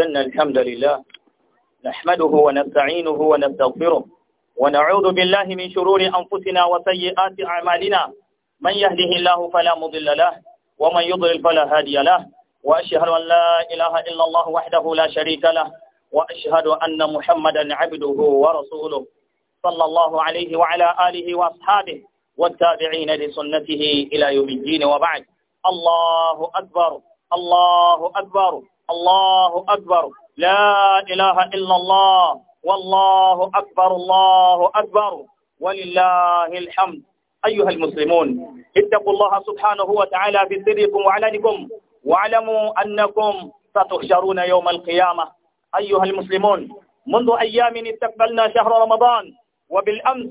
أن الحمد لله نحمده ونستعينه ونستغفره ونعوذ بالله من شرور أنفسنا وسيئات أعمالنا من يهده الله فلا مضل له ومن يضلل فلا هادي له وأشهد أن لا إله إلا الله وحده لا شريك له وأشهد أن محمدا عبده ورسوله صلى الله عليه وعلى آله وأصحابه والتابعين لسنته إلى يوم الدين وبعد الله أكبر الله أكبر الله أكبر لا إله إلا الله والله أكبر الله أكبر ولله الحمد أيها المسلمون اتقوا الله سبحانه وتعالى في سركم وعلنكم واعلموا أنكم ستحشرون يوم القيامة أيها المسلمون منذ أيام استقبلنا شهر رمضان وبالأمس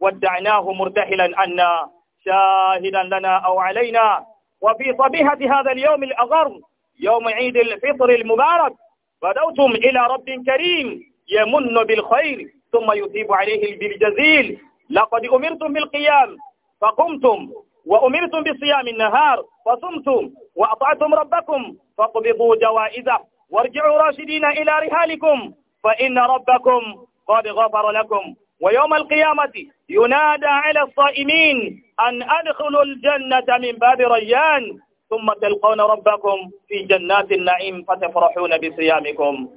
ودعناه مرتحلا عنا شاهدا لنا أو علينا وفي صبيحة هذا اليوم الأغر يوم عيد الفطر المبارك غدوتم إلى رب كريم يمن بالخير ثم يثيب عليه بالجزيل لقد أمرتم بالقيام فقمتم وأمرتم بصيام النهار فصمتم وأطعتم ربكم فاقبضوا جوائزه وارجعوا راشدين إلى رهالكم فإن ربكم قد غفر لكم ويوم القيامة ينادى على الصائمين أن أدخلوا الجنة من باب ريان ثم تلقون ربكم في جنات النعيم فتفرحون بصيامكم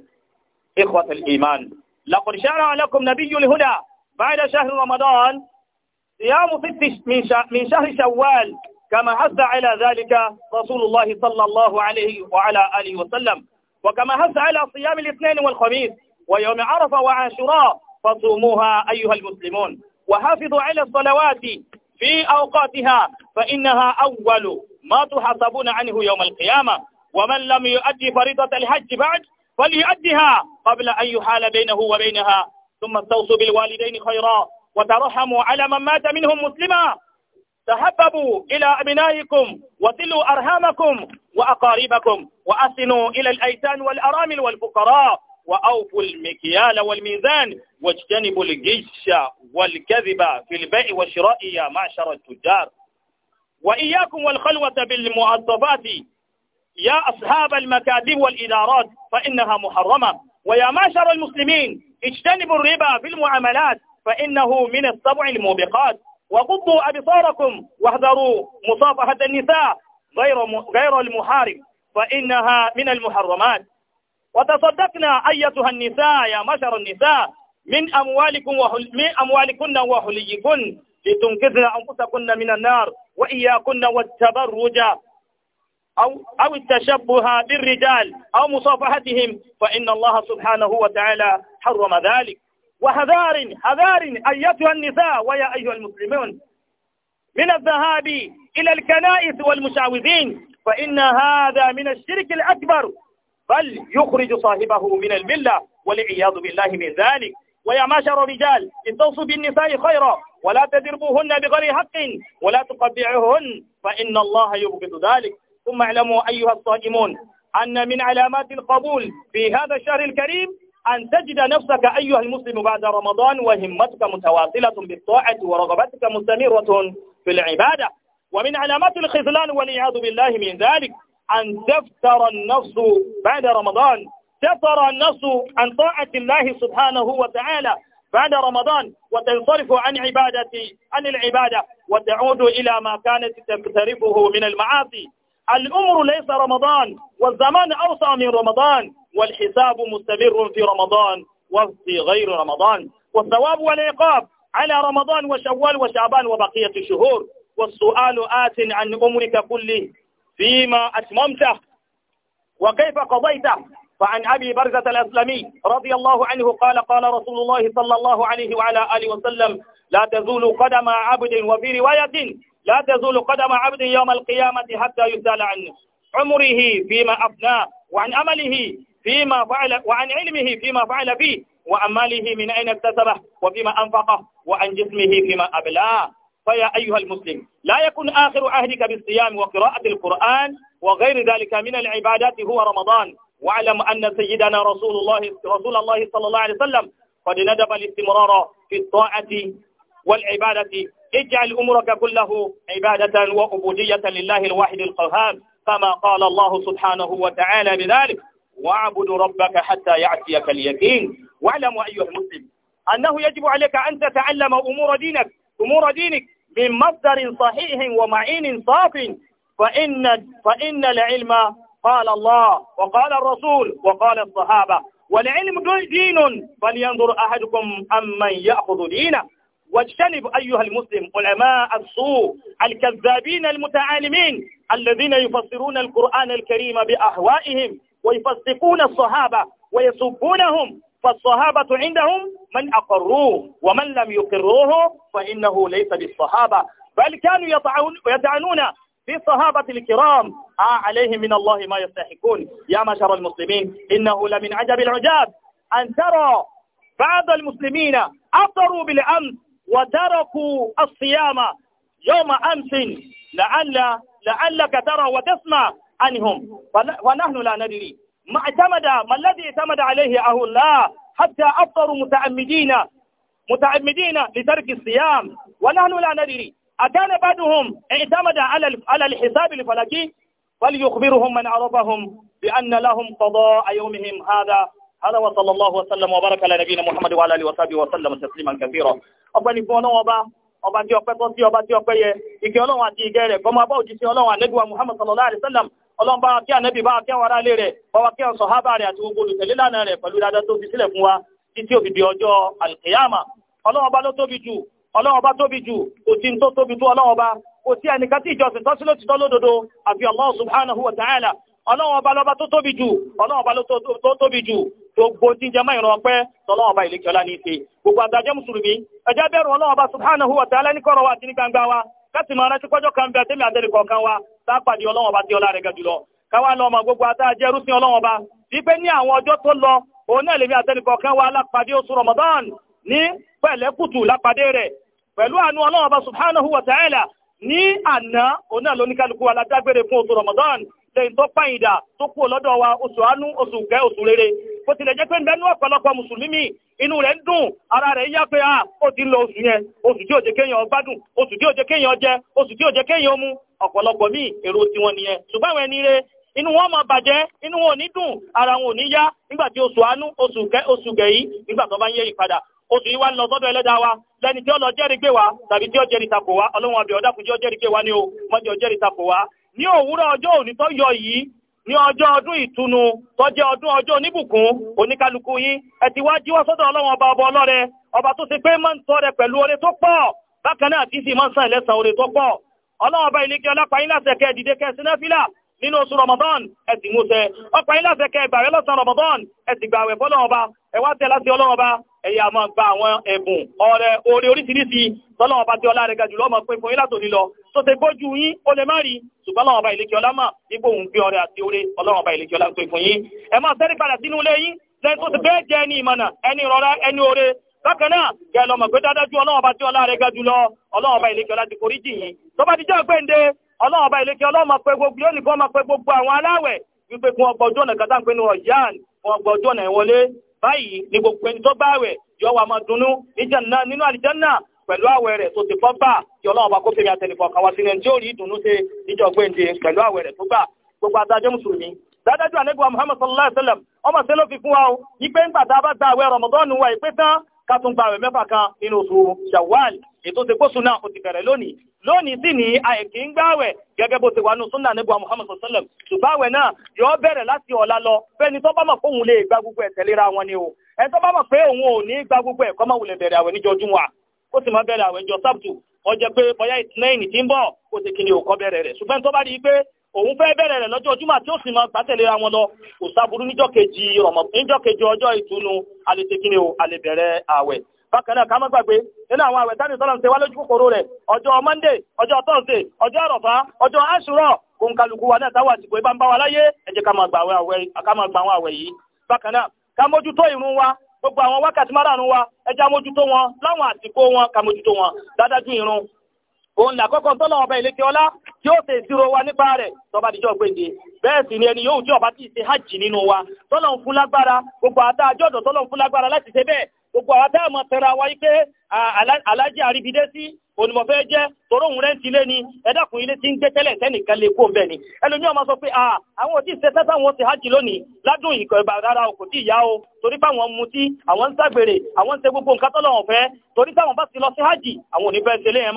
إخوة الإيمان لقد شرع لكم نبي الهدى بعد شهر رمضان صيام ست من شهر شوال كما حث على ذلك رسول الله صلى الله عليه وعلى آله وسلم وكما حث على صيام الاثنين والخميس ويوم عرفة وعاشوراء فصوموها أيها المسلمون وحافظوا على الصلوات في أوقاتها فإنها أول ما تحاسبون عنه يوم القيامة ومن لم يؤدي فريضة الحج بعد فليؤدها قبل أن يحال بينه وبينها ثم استوصوا بالوالدين خيرا وترحموا على من مات منهم مسلما تحببوا إلى أبنائكم وصلوا أرهامكم وأقاربكم وأسنوا إلى الأيتام والأرامل والفقراء وأوفوا المكيال والميزان واجتنبوا الجش والكذب في البيع والشراء يا معشر التجار وإياكم والخلوة بالمعظفات يا أصحاب المكاتب والإدارات فإنها محرمة ويا معشر المسلمين اجتنبوا الربا في المعاملات فإنه من السبع الموبقات وغضوا أبصاركم واحذروا مصافحة النساء غير غير المحارم فإنها من المحرمات وتصدقنا أيتها النساء يا معشر النساء من أموالكم وحل من أموالكن وحليكن لتنقذن أنفسكن من النار وإياكن والتبرج أو أو التشبه بالرجال أو مصافحتهم فإن الله سبحانه وتعالى حرم ذلك وحذار حذار أيتها النساء ويا أيها المسلمون من الذهاب إلى الكنائس والمشعوذين فإن هذا من الشرك الأكبر بل يخرج صاحبه من الملة والعياذ بالله من ذلك ويا معشر الرجال استوصوا بالنساء خيرا ولا تدربوهن بغير حق ولا تقبعوهن فإن الله يبغض ذلك ثم اعلموا أيها الصائمون أن من علامات القبول في هذا الشهر الكريم أن تجد نفسك أيها المسلم بعد رمضان وهمتك متواصلة بالطاعة ورغبتك مستمرة في العبادة ومن علامات الخذلان والعياذ بالله من ذلك أن تفتر النفس بعد رمضان تفتر النفس عن طاعة الله سبحانه وتعالى بعد رمضان وتنصرف عن عبادة عن العبادة وتعود إلى ما كانت تقترفه من المعاصي الأمر ليس رمضان والزمان أوصى من رمضان والحساب مستمر في رمضان وفي غير رمضان والثواب والعقاب على رمضان وشوال وشعبان وبقية الشهور والسؤال آت عن أمرك كله فيما أتممته وكيف قضيته وعن أبي برزة الأسلمي رضي الله عنه قال قال رسول الله صلى الله عليه وعلى آله وسلم لا تزول قدم عبد وفي رواية لا تزول قدم عبد يوم القيامة حتى يسأل عن عمره فيما أفناه وعن أمله فيما فعل وعن علمه فيما فعل فيه وعن ماله من أين اكتسبه وفيما أنفقه وعن جسمه فيما أبلاه فيا أيها المسلم لا يكون آخر عهدك بالصيام وقراءة القرآن وغير ذلك من العبادات هو رمضان واعلم أن سيدنا رسول الله رسول الله صلى الله عليه وسلم قد ندب الاستمرار في الطاعة والعبادة اجعل أمرك كله عبادة وعبودية لله الواحد القهار كما قال الله سبحانه وتعالى بذلك واعبد ربك حتى يعطيك اليقين واعلم أيها المسلم أنه يجب عليك أن تتعلم أمور دينك أمور دينك من مصدر صحيح ومعين صاف فإن, فإن العلم قال الله وقال الرسول وقال الصحابة والعلم دين فلينظر أحدكم أمن يأخذ دينه واجتنب أيها المسلم علماء السوء الكذابين المتعالمين الذين يفسرون القرآن الكريم بأهوائهم ويفسقون الصحابة ويسبونهم فالصحابة عندهم من أقروه ومن لم يقروه فإنه ليس بالصحابة بل كانوا يطعنون بالصحابة الكرام آه عليهم من الله ما يستحقون يا معشر المسلمين إنه لمن عجب العجاب أن ترى بعض المسلمين أفطروا بالأمس وتركوا الصيام يوم أمس لعل لعلك ترى وتسمع عنهم ونحن لا ندري ما اعتمد ما الذي اعتمد عليه أهل الله حتى أفطروا متعمدين متعمدين لترك الصيام ونحن لا ندري أدان بعضهم اعتمد على على الحساب الفلكي فليخبرهم من عرفهم بأن لهم قضاء يومهم هذا هذا وصلى الله وسلم وبارك على نبينا محمد وعلى آله وصحبه وسلم تسليما كثيرا ọba ní fún ọlọ́wọ́ ọba ọba tí ọpẹ́ tọ́ sí ọba tí ọpẹ́ yẹ ìkẹ́ ọlọ́wọ́ àti ìgẹ́ rẹ̀ kọmọ abá òjísí ọlọ́wọ́ ànẹ́gbẹ̀wà muhammad sallallahu alaihi wasallam ọlọ́wọ́ bá kí ànẹ́bì bá kí àwọn aráalé rẹ̀ bá kí àwọn sọ̀hábà rẹ̀ àti gbogbo olùtẹ̀lé lánàá rẹ̀ pẹ̀lú dáadáa tó fi sílẹ̀ fún wa títí òfìdí ọjọ́ alkiyama ọlọ́wọ́ bá ló tóbi jù ọlọ́wọ́ba tóbi jù kò tí tó tóbi tó ọlọ́wọ́ba kò sí ẹnìkan tí ìjọsìn tọ́sí ló ti tọ́ lódodo àfi Allah subhanahu wa ta'ala ọlọ́wọ́ba lọ́ba tó tóbi jù ọlọ́wọ́ba ló tó tóbi jù gbogbo tí jẹ mọ́ ìran ọpẹ́ tọ́lọ́wọ́ba ìlẹ́kẹ́ ọlá ní í gbogbo àgbàjẹ́ mùsùlùmí ẹjẹ́ bẹ̀rù ọlọ́wọ́ba subhanahu wa ta'ala ní wa àti ní gbangba wa láti kan wa tí ọlá rẹ̀ ga jùlọ lọ gbogbo ní àwọn ọjọ́ pẹ̀lú àánú ọlọ́wọ́ ọba subhanahu wa ta'ala ní àná òun náà aládágbére fún oṣù ramadan lè tó pàyìndà tó kú lọ́dọ̀ wa oṣù àánú oṣù gẹ́ oṣù rere bó tilẹ̀ jẹ́ pé ń ọ̀pọ̀lọpọ̀ musulmi inú rẹ̀ ń dùn ara rẹ̀ yá pé a ah, ó ti lọ oṣù yẹn oṣù tí ò jẹ́ kéèyàn gbádùn oṣù tí ò jẹ́ kéèyàn jẹ oṣù tí jẹ́ kéèyàn ọ̀pọ̀lọpọ̀ èrò tiwọn nìyẹn ṣùgbọ́n obìnrin wa lọ sọ́dọ̀ ẹlẹ́dàá wa lẹ́ni tí ó lọ jẹ́rìí gbé wa tàbí tí ó jẹ́rìí takò wa ọlọ́run àbẹ̀ ọ̀dà kùn tí ó jẹ́rìí gbé wa ní o mọ́jọ jẹ́rìí takò wa ní òwúrọ̀ ọjọ́ òní tó yọ yìí ní ọjọ́ ọdún ìtùnú tó jẹ́ ọdún ọjọ́ oníbùkún oníkálukú yín ẹ ti wá jíwọ́ sọ́dọ̀ ọlọ́run ọba ọba ọlọ́rẹ ọba tó ṣe pé máa ń tọrẹ pẹ̀lú oore tó pọ̀ bákan náà kì í sì máa ń sàn ẹlẹ́sàn oore tó pọ̀ ọlọ́run ọba ìlẹ́kẹ́ ọlápàá yín láti ẹ̀kẹ́ ìdìde kẹsìn náà nínú oṣù Ramadan ẹ̀sìn múṣẹ́ ọ̀pọ̀ yín láṣẹ kẹ́ ẹgbàrẹ́ lọ́sàn Ramadan ẹ̀sìn gbàwẹ̀ fọ́lọ́run ọba ẹ̀wá tẹ̀ láti ọlọ́run ọba ẹ̀yà máa gba àwọn ẹ̀bùn ọ̀rẹ́ orí oríṣiríṣi tọ́lọ́wọ́n bá tí ọlá rẹ̀ ga jùlọ ọmọ pé fún yín látòní lọ tó ti gbójú yín ó lè má rí ṣùgbọ́n lọ́wọ́n bá ìlékí ọlá mà nígbò òun gbé ọrẹ àti orí ọlọ́wọ́n bá tí ọlá rẹ̀ ga jùlọ ọlọ́wọ́n bá ìlékí ọlá ti forí jì yín ti jẹ́ ọgbẹ́ǹde ọlọ́run ọba ìlékè ọlọ́run máa pè gbogbo yóò nìkan máa pè gbogbo àwọn aláwẹ̀ wípé kí wọ́n gbọ́jọ́ ọ̀nà kátà ń pè ní ọ̀yán wọ́n gbọ́jọ́ ọ̀nà ìwọlé báyìí ni gbogbo ẹni tó bá àwẹ̀ yóò wà máa dunnú níjànà nínú àlìjánà pẹ̀lú àwẹ̀ rẹ̀ tó ti fọ́ bá kí ọlọ́run ọba kó fèrè àtẹnìfọ̀ kan wá sí ẹni tí ó sallallahu alaihi wasallam ọmọ sẹ́lọ́ fi fún wa o yí pé ń gbà bá gba àwẹ̀ Ramadan wa ìpé tán ká tún gba mẹ́fà kan nínú oṣù Shawwal ètò ti gbóṣù náà o ti bẹ̀rẹ̀ lónìí lónìí sì ní àìkí ń gbáwẹ̀ gẹ́gẹ́ bó ti wà nù súnà nígbà Muhammad sallam ṣùgbáwẹ̀ náà yóò bẹ̀rẹ̀ láti ọ̀la lọ fẹ́ni ní bá mọ̀ lè gba gbogbo ẹ̀ wọn ni o ẹ pé òun ò ní gba gbogbo bẹ̀rẹ̀ àwẹ̀ ó sì máa bẹ̀rẹ̀ òun fẹ́ bẹ̀rẹ̀ rẹ̀ lọ́jọ́ ojúmọ̀ tí ó sì máa gbàtẹ̀lé ra wọn lọ kò sábúrú níjọ́ kejì rọ̀mọ̀ níjọ́ kejì ọjọ́ ìtùnú alẹ́tẹ̀kínni o alẹ́bẹ̀rẹ̀ àwẹ̀ bákan náà ká má gbàgbé nínú àwọn àwẹ̀ tánì sọ́lá ń lójú kòkòrò rẹ̀ ọjọ́ ọjọ́ ọjọ́ àrọ̀fá ọjọ́ àṣùrọ̀ wa náà táwọn àsìkò tí ó ṣe wa nípa rẹ̀ tọba àdìjọ́ gbèdé bẹ́ẹ̀ sì ni ẹni yóò tí ọba tí ì ṣe hajj nínú wa tọ́lọ̀ ń fún lágbára gbogbo àtà àjọ́dọ̀ tọ́lọ̀ ń fún lágbára láti ṣe bẹ́ẹ̀ gbogbo àwọn táàmọ̀ tẹ̀ra wa yí pé ni ẹ̀dàkùn ilé ń gbé tẹ́lẹ̀ tẹ́nìkan lè kó bẹ́ẹ̀ sọ pé àwọn òtí sẹ́sẹ́ àwọn hajj lónìí ládùn ìkọ̀ rárá o kò tí ìyá o torí fáwọn mutí àwọn ń ságbèrè àwọn ń ṣe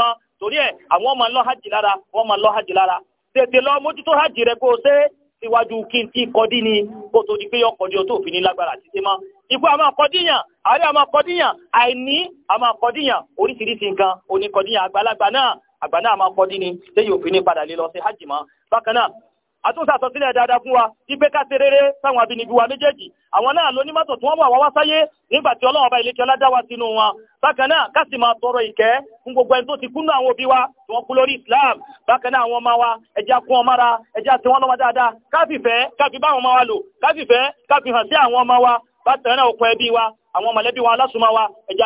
torí ẹ àwọn ọmọ lọ hajj lára wọ́n máa lọ hajj lára tètè lọ mójútó hajj rẹ kó o ṣe síwájú kí n ti kọdí ni kó tó di pé yọ kọdí o tó fi ní lágbára títí mọ́ ikú àmọ́ kọdíyàn àárẹ̀ ma kọdíyàn àìní kọdíyàn oríṣiríṣi nǹkan oníkọdíyàn àgbàlagbà àtúnṣàtọ̀sílẹ̀ dáadáa fún wa wípé ká ṣe rere sáwọn abinibi wa méjèèjì àwọn náà ló ní mọ́tò tí wọ́n wà wá wá sáyé nígbà tí ọlọ́run ọba ọlá sínú wọn bákan náà tọrọ ìkẹ́ fún gbogbo ẹni tó ti kúnnú àwọn òbí wa tí Islam bákan náà àwọn ọmọ wa ẹja kún ọmọ ara ẹja tí wọ́n lọ́mọ dáadáa káfí bá káfí àwọn mọ̀lẹ́bí wa alásùnmọ́ wa ẹja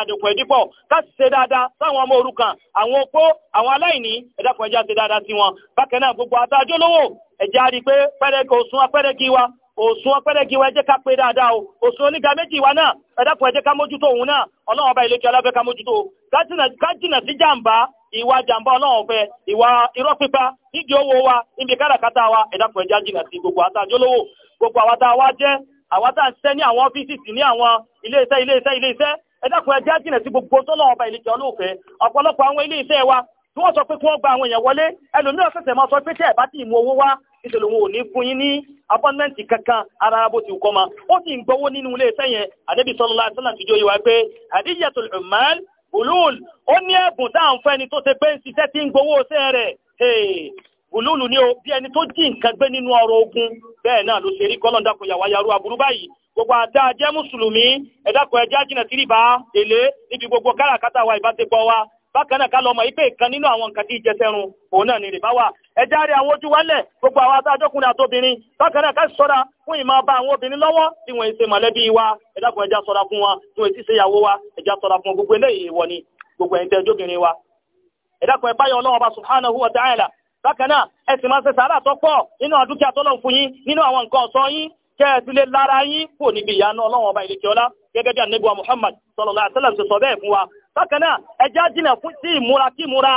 ṣe dáadáa sáwọn ọmọ àwọn opó àwọn aláìní ẹja ṣe dáadáa sí gbogbo àtàjọ́ lówó e rí i pé pẹ́rẹ́gì òsùn giwa wa òsùn apẹ́rẹ́gì wa ẹ jẹ́ ká pé dáadáa o òsùn oníga méjì wa náà ẹ dákun ká mójútó òun náà ọlọ́run ọba ìlẹ́kẹ́ ọlọ́fẹ́ ká mójútó ká jìnà sí jàǹbá ìwà jàǹbá owó wa níbi káràkátà wa ẹ dákun jìnà sí gbogbo atajolowo gbogbo awata tá jẹ́ ṣiṣẹ́ ní àwọn ọ́fíìsì ní àwọn iléeṣẹ́ iléeṣẹ́ iléeṣẹ́ jìnà sí gbogbo ọba wa tí wọ́n sọ pé kí wọ́n gba àwọn èèyàn wọlé ẹlòmíràn máa sọ nítorí wọn ò ní fún yín ní abundance kankan ara bó ti kọ́ ma ó sì ń gbowó nínú ilé iṣẹ́ yẹn àdébí sallallahu alaihi wasallam tìjọ́ yìí wá pé hadiyatul ummal bulul ó ní ẹ̀bùn tá à ń fẹ́ ni tó ṣe pé ń ṣiṣẹ́ tí ń gbowó iṣẹ́ rẹ̀ bulul ni o bí ẹni tó jí nǹkan gbé nínú ọrọ̀ ogun bẹ́ẹ̀ náà ló ṣe rí kọ́lọ́ndàkùn yàwá yarú aburú báyìí gbogbo àdá jẹ́ mùsùlùmí ẹ̀dàkùn ẹ̀já jìnà tìrìbà èlé níbi gbogbo káràkátà bákan náà ká lọ mọ ipe ìkan nínú àwọn nǹkan tí ìjẹsẹ̀rùn òun náà ni iri wà ẹ járe àwọn ojú gbogbo àwọn adájọ́kùnrin àtobìnrin bákan náà ká sọra fún ìmọ̀ bá àwọn obìnrin lọwọ tí wọ́n ṣe wa ẹ dákun ẹja sọra fún wa tí wọ́n ti ṣe ìyàwó wa ẹja sọra fún gbogbo eléyìí ìwọ ni gbogbo ẹ̀yin wa bákan náà ẹ bákan náà ẹja jìnà sí ìmúra kí ìmúra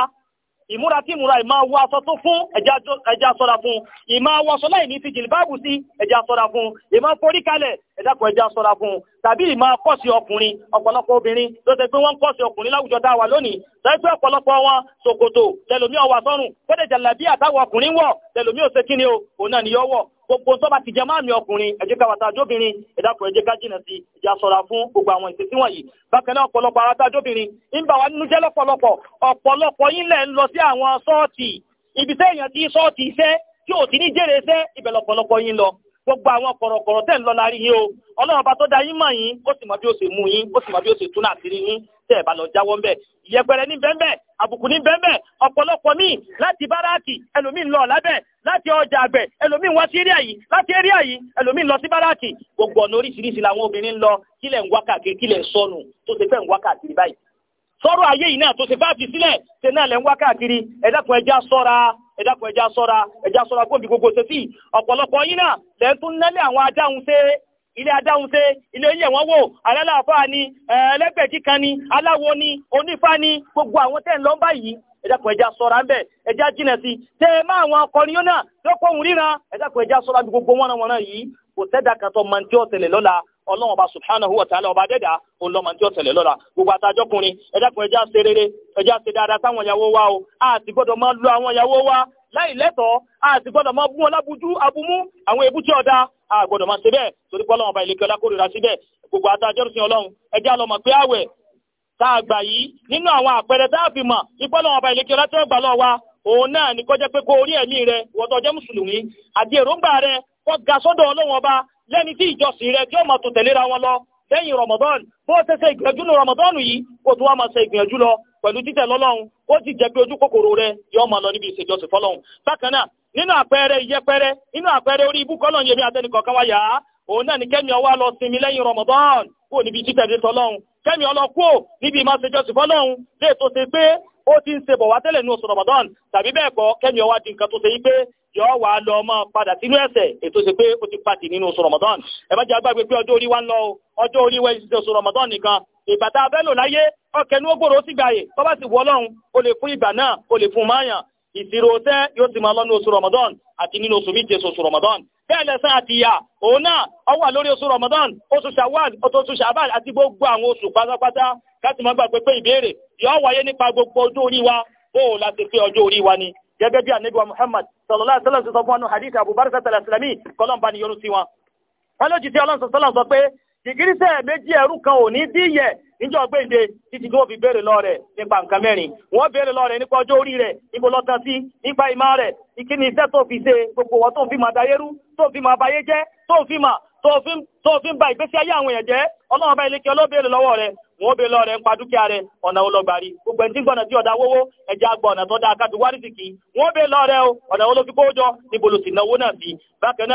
ìmúra kí ìmúra ìmá wọ aṣọ tó fún ẹja ṣọ́ra fún ìmá wọ aṣọ láì ní fi jìlìbáàbù sí ẹja ṣọ́ra fún ìmá forí kalẹ̀ ẹ̀dàpọ̀ ẹja ṣọ́ra fún tàbí ìmá kọ́sí ọkùnrin ọ̀pọ̀lọpọ̀ obìnrin tó ṣe pé wọ́n ń kọ́sí ọkùnrin láwùjọ tá a wà lónìí tẹ́gbẹ́ ọ̀pọ̀lọpọ̀ gbogbo tó bá ti jẹ máàmì ọkùnrin ẹ jẹ́ ká wà tá a jóbìnrin ẹ dákun ẹ jẹ́ ká jìnà sí ìjà ṣọ́ra fún gbogbo àwọn ìṣesí wọ̀nyí bákan náà ọ̀pọ̀lọpọ̀ ara tá a jóbìnrin ń bà wá nínú jẹ́ lọ́pọ̀lọpọ̀ ọ̀pọ̀lọpọ̀ yín lẹ̀ ń lọ sí àwọn ṣọ́ọ̀tì ibi tẹ́yàn ti ṣọ́ọ̀tì iṣẹ́ tí ò ti ní jèrè iṣẹ́ ibẹ̀ lọ́pọ̀lọpọ̀ yín lọ gbogbo àwọn kọ̀rọ̀kọ̀rọ̀ tẹ̀ ń lọ lárí yín o ọlọ́run bá tó da yín mọ̀ yín ó sì mọ bí ó ṣe mú yín ó sì mọ bí ó ṣe tún náà sírí yín tẹ̀ ẹ̀ bá lọ jáwọ́ ńbẹ̀ ìyẹpẹrẹ ní bẹ́ẹ̀ àbùkù ní bẹ́ẹ̀ ọ̀pọ̀lọpọ̀ míì láti báràkì ẹlòmíì ń lọ lábẹ́ láti ọjà àgbẹ̀ ẹlòmíì wá sí eréà yìí láti eréà yìí ẹlòmíì lọ sí báràkì gbogbo ọ̀nà oríṣiríṣi làwọn obìnrin lọ kílẹ̀ ń wá káàkiri kílẹ̀ sọnù tó ṣe fẹ́ ń wá káàkiri báyìí sọ̀rọ̀ ayé yìí náà tó ṣe fẹ́ fi sílẹ̀ ṣe náà lẹ́ ń wá káàkiri ẹ̀dá kan ẹja sọ́ra ẹ dákun ẹja sọ́ra ẹja sọ́ra gbogbo sẹ́fì ọ̀pọ̀lọpọ̀ yín náà lẹ́ẹ̀tún nálẹ̀ àwọn adáhùn ṣe ilé adáhùn ṣe ilé yẹ̀ wọ́n wò alálàáfáà ni ẹlẹ́gbẹ̀jì kan ni aláwo ni ni gbogbo àwọn tẹ́ ń lọ báyìí Eja dákun ẹja sọ́ra ń bẹ̀ ẹja jìnà sí tẹ́ ẹ má àwọn akọrin yóò náà ríran gbogbo wọn náà yìí kò sẹ́dà mọ̀ ọlọ́run ọba subhanahu wa ta'ala ọba dẹ́dà ọlọ́mọ tí ó tẹ̀lé gbogbo ata ẹ dákun ẹ jẹ́ rere ẹ dáadáa sáwọn wa o a ti gbọ́dọ̀ máa lu àwọn ìyàwó wa láì lẹ́tọ̀ọ́ a ti gbọ́dọ̀ máa bú wọn abúmú àwọn a gbọ́dọ̀ máa ṣe bẹ́ẹ̀ torí pé ọlọ́run ọba ìlẹ́kẹ́ ọlákórira síbẹ̀ gbogbo a fi lẹ́ni tí ìjọsìn rẹ̀ tí ó máa tó tẹ̀léra wọn lọ lẹ́yìn Ramadan bó ṣe ṣe ìgbìyànjú ní Ramadan yìí kó tó wá máa ṣe ìgbìyànjú lọ pẹ̀lú títẹ̀ lọ́lọ́run ó sì jẹ́ pé ojú kòkòrò rẹ̀ yóò máa lọ níbi ìṣèjọsìn fọlọ́run bákan náà nínú àpẹẹrẹ ìyẹpẹrẹ nínú àpẹẹrẹ orí ibú kọ́lọ́n yẹmi àtẹnìkọ̀ọ̀kan wáyà òun náà ni kẹ́mi ọwá lọ sinmi lẹ́yìn Ramadan kó níbi títẹ̀ lé tọ́lọ́run kẹ́mi ọlọ́kú níbi ìmáṣejọsìn fọlọ́run lè tó ṣe pé o ti ń ṣe bọ̀ wá tẹ́lẹ̀ ní oṣù Ramadan tàbí bẹ́ẹ̀ kọ́ kẹ́mi ọwá di nǹkan tó ṣe yí pé yọ wà á lọ ọmọ padà sínú ẹ̀ṣẹ̀ ètò ṣe pé ó ti pàtì nínú oṣù Ramadan ẹ má jẹ́ agbágbé pé ọjọ́ orí wa ń lọ ọjọ́ orí wa ìṣiṣẹ́ oṣù Ramadan nìkan ìbàtà abẹ́lò láyé ọkẹ̀nu ó gbòòrò sí gbàyè tó bá sì wọ Ọlọ́run lè fún ìgbà náà lè fún máyàn ìṣirò tẹ́ yóò ti máa lọ ní oṣù Ramadan àti nínú oṣù yóò wáyé nípa gbogbo ọjọ́ orí wa bó o la ti pé ọjọ́ orí wa ni gẹ́gẹ́ bí anabi wa muhammad sallallahu alaihi wasallam sọ fún wọn hadith abu barza al-aslami kọlọ́n bá ní yọrù sí wọn. wọn ló jìtì ọlọ́run sọ̀tọ́lọ́ sọ pé ìgírísẹ̀ méjì ẹ̀rú kan ò ní díyẹ̀ níjọ́ gbèǹde títí tí wọ́n fi béèrè lọ rẹ̀ nípa nǹkan mẹ́rin wọ́n béèrè lọ rẹ̀ nípa ọjọ́ orí rẹ̀ níbo lọ́tàn sí nípa rẹ̀ ìkíni wọ́n bè lọ́rẹ̀ ń pa dúkìá rẹ̀ ọ̀nà olọ́gbàrí gbogbo ẹni tí gbọ́nà tí ọ̀dà wọ́wọ́ ẹja agba ọ̀nà tó dáa kájú wárí sìkì wọ́n lọ lọ́rẹ̀ o ọ̀nà olófi jọ níbo ló sì náwó náà sí bákan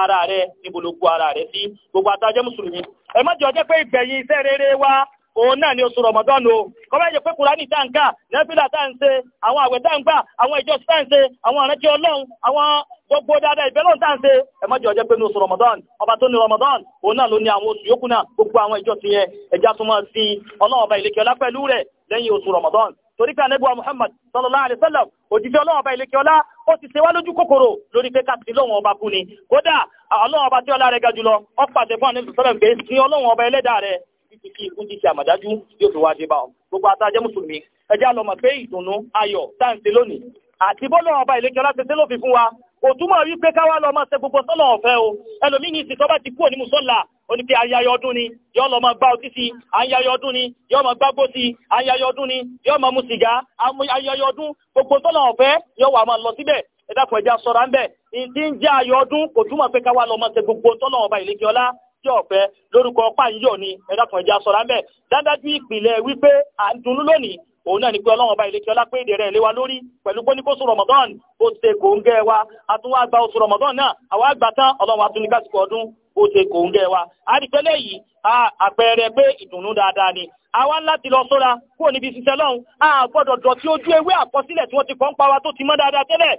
ara rẹ̀ níbo kú ara rẹ̀ sí gbogbo àtàjẹ́ mùsùlùmí ẹ má jọ jẹ́ pé ìgbẹ̀yìn iṣẹ́ rere wa òun náà ni oṣù rọmọdán o kọ́mọ́ ìjẹ́ pé kùránì tá ń kà nẹ́fílà tá ń ṣe àwọn àwẹ̀ tá ń gbà àwọn ìjọsìn tá ń ṣe àwọn àrántí ọlọ́run àwọn gbogbo dáadáa ìfẹ́ lóun tá ń ṣe ẹ má ọjọ́ pé ní oṣù rọmọdán ọba tó ní rọmọdán òun náà ló ní àwọn oṣù yókù náà gbogbo àwọn Muhammad ọba ọlá ó ti ṣe wá lójú kòkòrò ọba kú ni kódà ga jùlọ pàṣẹ fún pé sin ọba títí kí ikú títí àmọ̀dájú yóò fi wá dé bá ọ gbogbo àtàjẹ́ mùsùlùmí ẹjẹ́ àlọ́ pé ìdùnnú ayọ̀ táǹtì lónìí àti bọ́lá ọba ìlẹ́kẹ́ ọlásẹsẹ́ ló fi fún wa kò túmọ̀ wípé káwá lọ máa ṣe gbogbo sọ́lọ̀ ọ̀fẹ́ o ẹlòmíì ní ti tọ́ba ti kúrò ní mùsọ́là oní pé ayayọ ọdún ni yọ lọ gbá ọtí sí ayayọ ọdún ni yọ máa gbá gbó sí ayayọ ọdún ni yọ máa mu sìgá ayayọ ọdún gbogbo sọ́lọ̀ ọ̀fẹ́ yọ wà máa lọ síbẹ̀ ẹ dákun ẹja sọ̀rọ̀ à ń bẹ̀ ìdí ń jẹ́ ayọ̀ ọdún kò túmọ̀ pé káwá lọ ṣe gbogbo sọ́lọ̀ ọba ìlẹ́kẹ́ ọlá yọ̀ ọ̀fẹ́ lórúkọ páyọ̀ ni ẹ̀dàkùn ẹ̀já sọ̀rọ̀ mẹ́ dájájú ìpìlẹ̀ wípé à ń dunnú lónìí òun náà ni pé ọlọ́run ọba ìlẹ́kẹ́ ọlá pé èdè rẹ̀ léwa lórí pẹ̀lú pé ní kó sùn rọmọdán ó ṣe kò ń gẹ́ wa àtúnwá gba oṣù rọmọdán náà àwa àgbà tán ọlọ́run atúnikásíkò ọdún ó ṣe kò ń gẹ́ wa àdìpẹ́lẹ̀ yìí àpẹẹrẹ pé ìdùnnú dáadáa ni àwa láti lọ sọ́ra kúrò níbi ṣiṣẹ́ lọ́hùn a gbọ́dọ̀ tí ojú ewé àkọsílẹ̀ tí wọ́n ti kọ́ ń pa wa tó ti mọ́ dáadáa tẹ́lẹ̀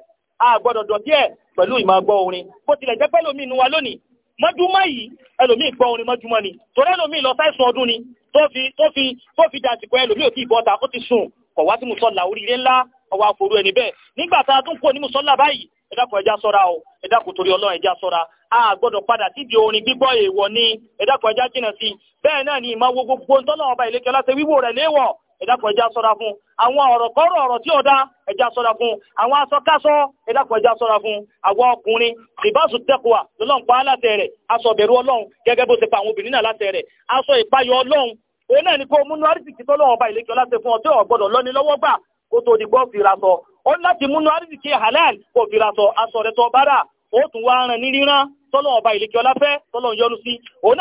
a gbọ́dọ̀ dọ̀ díẹ̀ pẹ̀lú ìmọ̀ gbọ́ orin bó tilẹ̀ jẹ́ pẹ́lú mi nu wa lónìí mọ́júmọ́ yìí ẹlòmíì gbọ́ orin mọ́júmọ́ ni torí ẹlòmíì lọ sáìsùn ọdún ni tó fi tó fi tó fi dàsìkò ẹlòmíì ò tí ì bọ́ ta ó ti sùn kọ̀ wá sí musọ́là oríire ńlá ọwọ́ àforú ẹni bẹ́ẹ̀ nígbà tá a tún kó ní musọ́là báyìí ẹ ẹja sọ́ra o ẹ torí ọlọ́run ẹja sọ́ra a gbọ́dọ̀ padà sídìí orin gbígbọ́ èèwọ̀ ni ẹ dákun ẹja jìnnà sí bẹ́ẹ̀ náà ni ìmọ̀ wo gbogbo ntọ́lọ́wọ́n ìlẹ́kẹ́ láti wíwò rẹ̀ léèwọ̀ ẹ ẹja sọ́ra fún àwọn ọ̀rọ̀ kọ́rọ̀ ọ̀rọ̀ tí ó dá ẹja sọ́ra fún àwọn asọ́kásọ́ ẹ̀dàpọ̀ ẹja sọ́ra fún àwọn ọkùnrin ìbáṣù tẹ́kùwà lọ́lọ́n pa aláṣẹ rẹ̀ aṣọ bẹ̀rù ọlọ́run gẹ́gẹ́ bó ṣe pa àwọn obìnrin náà láṣẹ rẹ̀ aṣọ ìpayọ ọlọ́run òun náà ni pé múnú àrísìkì tọ́lọ́wọ́n ọba ìlẹ́kẹ́ láṣẹ fún ọtí ọ̀gbọ́dọ̀ lọ́ni lọ́wọ́ gbà kó tó di gbọ́ fira sọ ó láti múnú àrísìkì halal kó fira sọ aṣọ rẹ̀ tọ́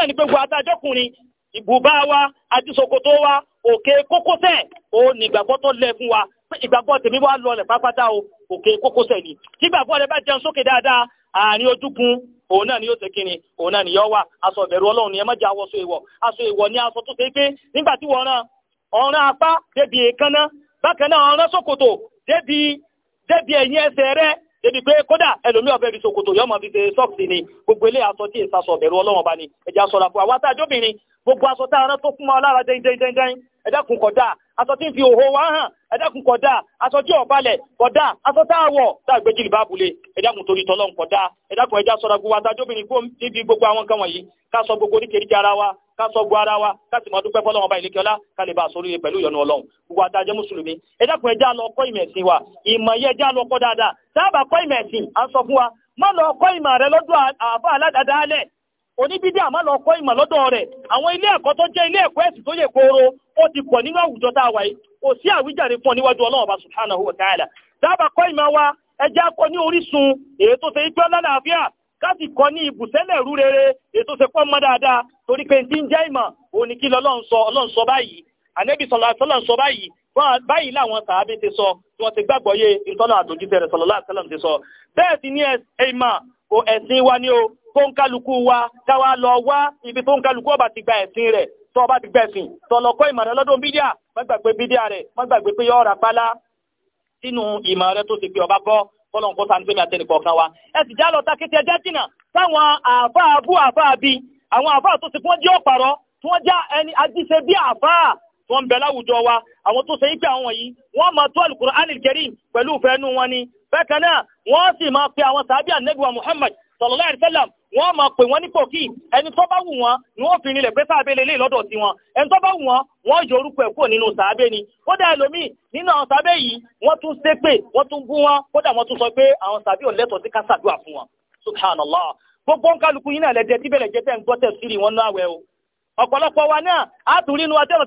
ni pé gbogbo adájọ́kùnrin ìbùbá wa àti wa òkè kókósẹ̀ o ní tó lẹ fún wa ìgbàgbọ́ tèmi wá lọlẹ̀ pápátá o òkè kókósẹ̀ ni tí ìgbàgbọ́ rẹ bá jẹun sókè dáadáa àárín ojúkun òun náà ni yóò ni yóò wà aṣọ ni ẹ má aṣọ aṣọ ni aṣọ tó ṣe pé nígbà tí rán apá débi pé kódà ẹlòmí ọ̀bẹ rí ṣòkòtò yọmọ fi ṣe sọ́ọ̀sì ni gbogbo ilé aṣọ tí èsà sọ bẹ̀rù ọlọ́wọ́n bá ni ẹja sọ̀rọ̀ àpò àwọn àtàjọ́bìnrin gbogbo aṣọ tá a rán tó fún wa lára dẹ́ndẹ́ndẹ́ndẹ́n ẹ̀dá kùn kọ̀dá aṣọ tí ń fi òhò wá hàn ẹ̀dá kùn kọ̀dá aṣọ tí ọ̀balẹ̀ kọ̀dá aṣọ tá a wọ̀ tá a gbé jìlì báàbù le torí tọ́lọ́ ká sọ gbọ́ ara wa ká sì máa dúpẹ́ fọlọ́run ọba ìlẹ́kẹ́ọ́lá ká lè bá aṣọ oríire pẹ̀lú ìyọnu ọlọ́run gbogbo adájẹ́ mùsùlùmí ẹ dákun ẹ wa ìmọ̀ yẹ já lọ daadaa dáadáa sábà kọ́ ìmọ̀ à ń sọ fún wa má lọ kọ́ ìmọ̀ rẹ lọ́dọ̀ àbá aládàádáálẹ̀ oníbídí àmọ́ lọ ìmọ̀ lọ́dọ̀ rẹ̀ àwọn ilé ẹ̀kọ́ tó jẹ́ ilé ẹ̀kọ́ ẹ̀sìn tó yẹ kóró ó ti pọ̀ nínú àwùjọ tá a wà kò sí àwíjàre fún ọ níwájú ọlọ́run wa káàsì kọ́ ní ibùsẹ́lẹ̀ rú rere ètò ṣe mọ́ dáadáa torí pé tí ń jẹ́ ìmọ̀ òun ni kí lọ́lọ́run sọ ọlọ́run sọ báyìí ànẹ́bí sọlá sọlá sọ báyìí báyìí làwọn sàábé ti sọ tí wọ́n ti gbàgbọ́ yé ìtọ́nà àtòjíṣẹ́ rẹ̀ sọlọ́lá sọlá ti sọ bẹ́ẹ̀ sì ni ìmọ̀ ẹ̀sìn wa ni o tó ń kálukú wa káwa lọ wá ibi tó ń kálukú ọba ti gba ẹ̀sìn rẹ̀ tó bá ti gbẹ̀sìn tọ̀lọ̀kọ́ ìmọ̀ràn lọ́dún bídíà má gbàgbé bídíà rẹ̀ má gbàgbé pé yọ ọ̀rà pálá sínú ìmọ̀ rẹ̀ tó ti pè ọba bọ́ kọ́lọ́n kó sanu fẹ́mi àtẹnì wa ẹ sì já lọ ta kété ẹjẹ́ jìnnà táwọn àáfà bí àwọn àáfà tó ti fún jẹ́ ọ̀pàrọ̀ tí wọ́n já ẹni bí wa àwọn tó pé àwọn wọ̀nyí wọ́n máa tó pẹ̀lú wọn ni kan náà Muhammad sallallahu alaihi wasallam máa pè wọ́n ní pòkì ẹni tó bá wù wọ́n ni wọ́n fi rinlẹ̀ pé sáàbẹ̀ lélẹ̀ lọ́dọ̀ ẹni tó bá wù wọ́n wọ́n yọ orúkọ ẹ̀ kúrò nínú sáàbẹ̀ ni kódà ẹlòmíì nínú àwọn sáàbẹ̀ yìí wọ́n tún ṣépè wọ́n tún bú wọn kódà wọ́n tún sọ pé àwọn sáàbẹ̀ ò lẹ́tọ̀ọ́ sí ká fún wọn subhanallah gbogbo nkálukú yín náà lẹ́jẹ́ tíbẹ̀lẹ̀ jẹ́ tẹ̀ ń gbọ́ tẹ̀ sírì wọn náà wẹ̀ o ọ̀pọ̀lọpọ̀ wa náà á tún rí inú wa tẹ́lọ̀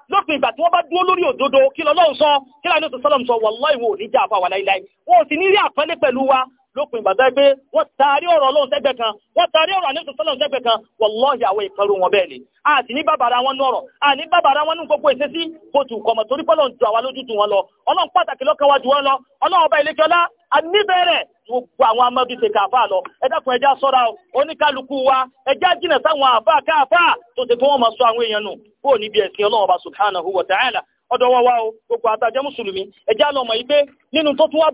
lópin ìgbà tí wọ́n bá dúró lórí òdodo kí lọ́lọ́run sọ kí láyé lóṣù sọ́lọ́m sọ wàláì wọn ò ní já àfa wà láíláí wọn ò sì ní rí àpọ́nlé pẹ̀lú wa lópin ìgbàgbọ́ ebe wọ́n taari ọ̀rọ̀ ọlọ́run sẹ́gbẹ̀ẹ́ kan wọ́n taari ọ̀rọ̀ àlejò sọ́lọ́run sẹ́gbẹ̀ẹ́ kan wọ́lọ́ọ̀yà àwọn wọn bẹ́ẹ̀ a sì ní bàbàrà wọn nọ̀rọ̀ a ní babara wọn ní gbogbo ìṣesí kó tù kọ̀mọ̀ torí pé ọlọ́run ju àwa lójú wọn lọ ọlọ́run pàtàkì lọ́kàn wa wọn lọ ọlọ́run ọba ilé kíọ́lá a amadu ṣe lọ ẹ dákun o wa ẹjá jìnà sáwọn àfà káfà tó wọn máa sọ àwọn èèyàn nù kó o níbi wa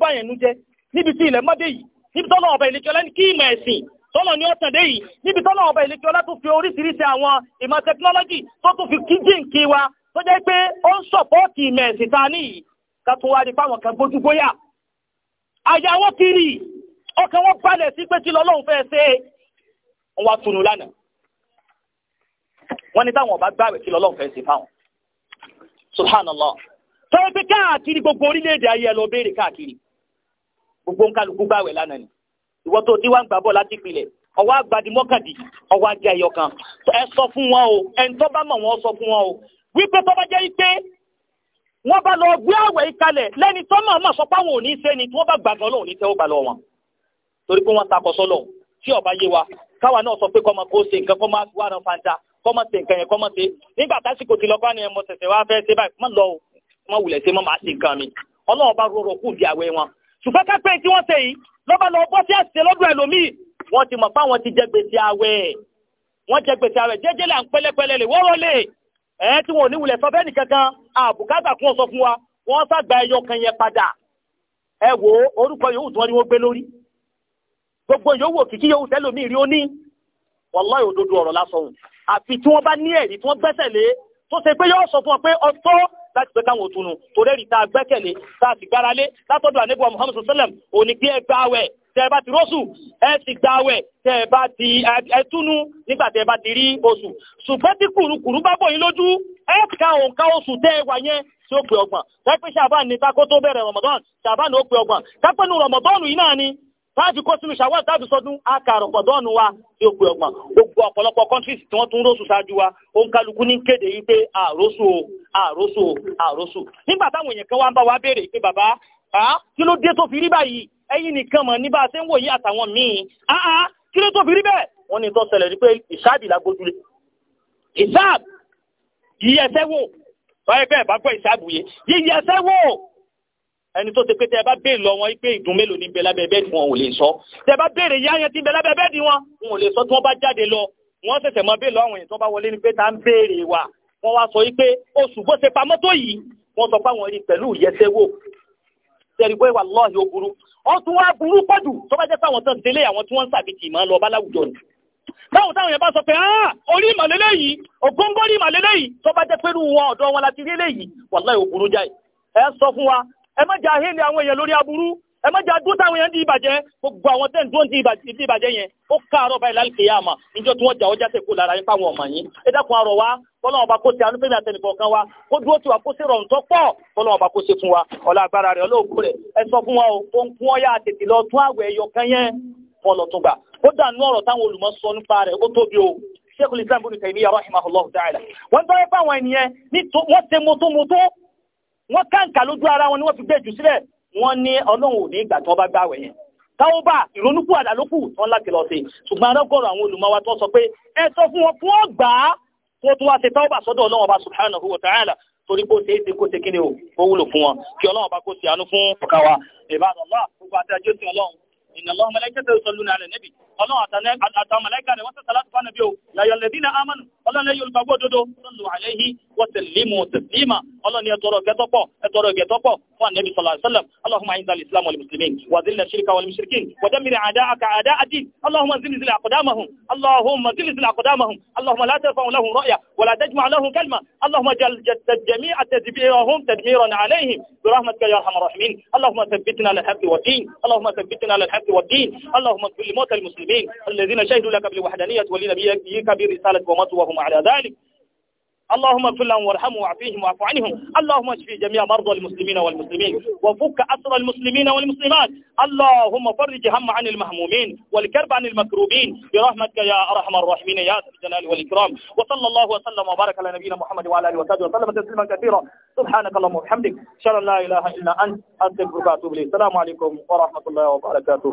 níbi tí ilẹ̀ mọ́dé yìí níbi tọ́lọ̀ ọba ìlẹ́kíọ́lá ní kí ìmọ̀ ẹ̀sìn tọ́lọ̀ ní ọ̀tàn dé yìí níbi tọ́lọ̀ ọba ìlẹ́kíọ́lá tó fi oríṣiríṣi àwọn ìmọ̀ tẹkinọ́lọ́jì tó tún fi kíjìnkì wa tó jẹ́ pé ó ń sọ̀pọ́ọ̀tì ìmọ̀ ẹ̀sìn ta ní yìí ká tún wá rí fáwọn kan gbójúgbóyà àyà wọn ti rí ọkàn wọn balẹ̀ sí pé kí lọ́lọ́run fẹ́ ṣe wọn wá tunu lánàá wọn ní táwọn ọba gbàwẹ̀ kí lọ́lọ́run fẹ́ ṣe fáwọn subhanallah tọ́wọ́ pé káàkiri gbogbo orílẹ̀-èdè ayé ẹ lọ béèrè káàkiri gbogbo nkálukú gbàwẹ̀ lánàá ni ìwọ tó ti wá ń gbà bọ̀ láti pilẹ̀ ọwọ́ àgbàdì mọ́kàdì ọwọ́ ajá ẹyọ kan ẹ sọ fún wọn o ẹni tó bá mọ̀ wọn sọ fún wọn o wípé tó bá jẹ́ pé bá lọ gbé àwẹ̀ ìkalẹ̀ lẹ́ni tó mọ̀ mọ̀ sọ pé ò ní ṣe ni tí wọ́n bá gbàgbọ́ lọ́wọ́ ní tẹ́ ó gbà lọ́wọ́ wọn torí pé wọ́n takọ̀ sọ́lọ̀ tí ọba yé wa káwa náà sọ pé kọ́mọ kó ṣe nǹkan kọ́mọ wà náà fanta kọ́mọ ṣe nǹkan yẹn kọ́mọ ṣe nígbà tásìkò ti lọ bá ní ẹmọ ṣẹ̀ṣẹ̀ wá fẹ́ ṣe báyìí mọ́ lọ mọ́ wulẹ̀ ṣe mọ́ máa ṣe nǹkan mi ọlọ́run bá rọrọ̀ kù di àwẹ̀ wọn ṣùgbọ́n kápẹ́ tí wọ́n ṣe yìí lọ́ba lọ bọ́ sí àṣìṣe lọ́dọ̀ ẹlòmíì wọ́n ti mọ̀ pé àwọn ti jẹ gbèsè àwẹ̀ wọ́n jẹ gbèsè àwẹ̀ jẹ́jẹ́ là ń pẹ́lẹ́pẹ́lẹ́ lè wọ́rọ́ lè ẹ̀ tí wọn ò ní wulẹ̀ sọ bẹ́ẹ̀ nìkankan àbùkátà fún ọsọ fún wa wọ́n sàgbà ẹyọ kan yẹn padà ẹ wo orúkọ yòówù tí wọ́n ní wọ́n gbé lórí gbogbo yòówù òkìkí yòówù tẹ́lòmíì rí ó ní wàláì òdodo ọ̀rọ̀ lásán àfi tí wọ́n bá ní ẹ̀rí tí wọ́n gbẹ́sẹ̀ lé tó ṣe pé yóò sọ fún ọ pé ọtọ́ láti pẹ́ káwọn òtún nù torí ẹ̀rí tá a gbẹ́kẹ̀lé tá a sì gbára lé látọ̀dọ̀ àníbọ̀ Muhammad sallam òní pé ẹ gbà wẹ̀ tẹ́ ẹ bá ti rọ́ṣù ẹ sì gbà wẹ̀ tẹ́ ẹ bá ti ẹtúnú nígbà tẹ́ ẹ bá ti rí oṣù ṣùgbọ́n tí kùrùkùrù bá bọ̀ yín lójú ẹ ká òǹkà oṣù tẹ́ ẹ wà yẹn tí ó pé ọgbọ̀n wọ́n pé ṣàbáà ní kákó tó bẹ̀rẹ̀ Ramadan ṣàbáà ní ó pé ọgbọ̀n kápẹ́nu Ramadan yìí náà ni láti kó sínú ṣàwọ́ ìtàbí sọdún akàrọ̀pọ̀dọ́ọ̀nù wa tí ó pè ọgbọ̀n gbogbo ọ̀pọ̀lọpọ̀ countries tí wọ́n tún rósù ṣáájú wa ó ń kálukú ní kéde wípé àrósù o àrósù o àrósù nígbà táwọn èèyàn kan wá ń bá wa béèrè pé bàbá kí ló dé tó fi rí báyìí ẹ̀yin nìkan mọ̀ ní bá a ṣe ń wò yí àtàwọn míì kí ló tó fi rí bẹ́ẹ̀ wọ́n ní tó ṣẹlẹ̀ ẹni tó ti pé tẹ́ ẹ bá béèrè lọ wọn pé ìdùn mélòó ní bẹ́ẹ̀ lábẹ́ bẹ́ẹ̀ ni wọn ò lè sọ tẹ́ ẹ bá béèrè yá yẹn ti bẹ́ẹ̀ lábẹ́ bẹ́ẹ̀ ni wọn wọn ò lè sọ tí wọ́n bá jáde lọ wọ́n ṣẹ̀ṣẹ̀ mọ béèrè àwọn èèyàn tó bá wọlé ní pé tá à ń béèrè wa wọ́n wá sọ pé oṣù bó ṣe pamọ́ tó yìí wọ́n sọ pé àwọn rí pẹ̀lú ìyẹsẹ́wò tẹ̀rìbọ́ ìwà lọ́ọ̀hìn ó burú tún wá burú pọ̀jù tó bá jẹ́ pé àwọn tó ń délé ni báwo táwọn yẹn bá sọ pé orí ìmọ̀lélẹ́ yìí ògóńgórí ìmọ̀lélẹ́ yìí tó bá jẹ́ pé wọn ọ̀dọ́ wọn láti rí eléyìí wàláhì ó jáì ẹ sọ fún wa ẹ má jà hélì àwọn èèyàn lórí aburú ẹ má jà dúró táwọn èèyàn di ìbàjẹ́ gbogbo àwọn tẹ́ ń dúró di ìbàjẹ́ yẹn ó káàárọ̀ báyìí láì kéyà mà níjọ́ tí wọ́n jà ó jáde kó lára yín fáwọn ọmọ yín ẹ dákun àrọ̀ wa fọlọ́n ọba kó ti anúfẹ́mi àtẹnìkọ̀ kan wa kó dúró tiwa kó sí rọrùn tó pọ̀ fọlọ́n ọba kó ṣe fún wa ọ̀la agbára rẹ̀ ọlọ́ọ̀kú rẹ̀ ẹ sọ fún wa o ó ń kún ọ́yà tètè lọ tún àwẹ̀ ẹ̀yọ kan yẹn fọlọ́ tún gbà ó dànù ọ̀rọ̀ táwọn olùmọ̀ sọ nípa rẹ̀ ó tóbi o Sheikhul Islam Ibn Taymiyyah rahimahullah ta'ala wọ́n kàǹkà lójú ara wọn ni wọ́n fi gbé jù sílẹ̀ wọ́n ní ọlọ́run ò ní ìgbà tí wọ́n bá gbàwẹ̀ yẹn táwọ́bà ìrònúkú àdàlókù tí wọ́n láti lọ sí ṣùgbọ́n arọ́gọ́rọ̀ àwọn olùmọ́wà tó sọ pé ẹ sọ fún wọn fún ọgbà tó tún wá ṣe táwọ́bà sọ́dọ̀ ọlọ́run ọba subhanahu wa ta'ala torí kó ṣe é ṣe kó ṣe kí ni o kó wúlò fún wọn kí ọlọ́run ọba kó ṣe àánú fún ọ̀ka wa ìbáraọlá ọlọ́ni ẹ̀tọ́rọ̀ gẹ́tọ́pọ̀ النبي صلى الله عليه وسلم اللهم أعز الإسلام والمسلمين واذل الشرك والمشركين ودمر أعداءك أعداء الدين اللهم زلزل أقدامهم اللهم زلزل أقدامهم اللهم لا ترفع لهم رأية ولا تجمع لهم كلمة اللهم جل جميع تدبيرهم تدميرا عليهم برحمتك يا أرحم الراحمين اللهم ثبتنا على الحق والدين اللهم ثبتنا على الحق والدين اللهم اغفر لموتى المسلمين الذين شهدوا لك بالوحدانية ولنبيك برسالة وماتوا وهم على ذلك اللهم اغفر لهم وارحمهم وعافيهم واعف عنهم اللهم اشف جميع مرضى المسلمين والمسلمين وفك أسر المسلمين والمسلمات اللهم فرج هم عن المهمومين والكرب عن المكروبين برحمتك يا أرحم الراحمين يا ذا الجلال والإكرام وصلى الله وسلم وبارك على نبينا محمد وعلى آله وصحبه وسلم تسليما كثيرا سبحانك اللهم وبحمدك أشهد أن لا إله إلا أنت أستغفرك وأتوب إليك السلام عليكم ورحمة الله وبركاته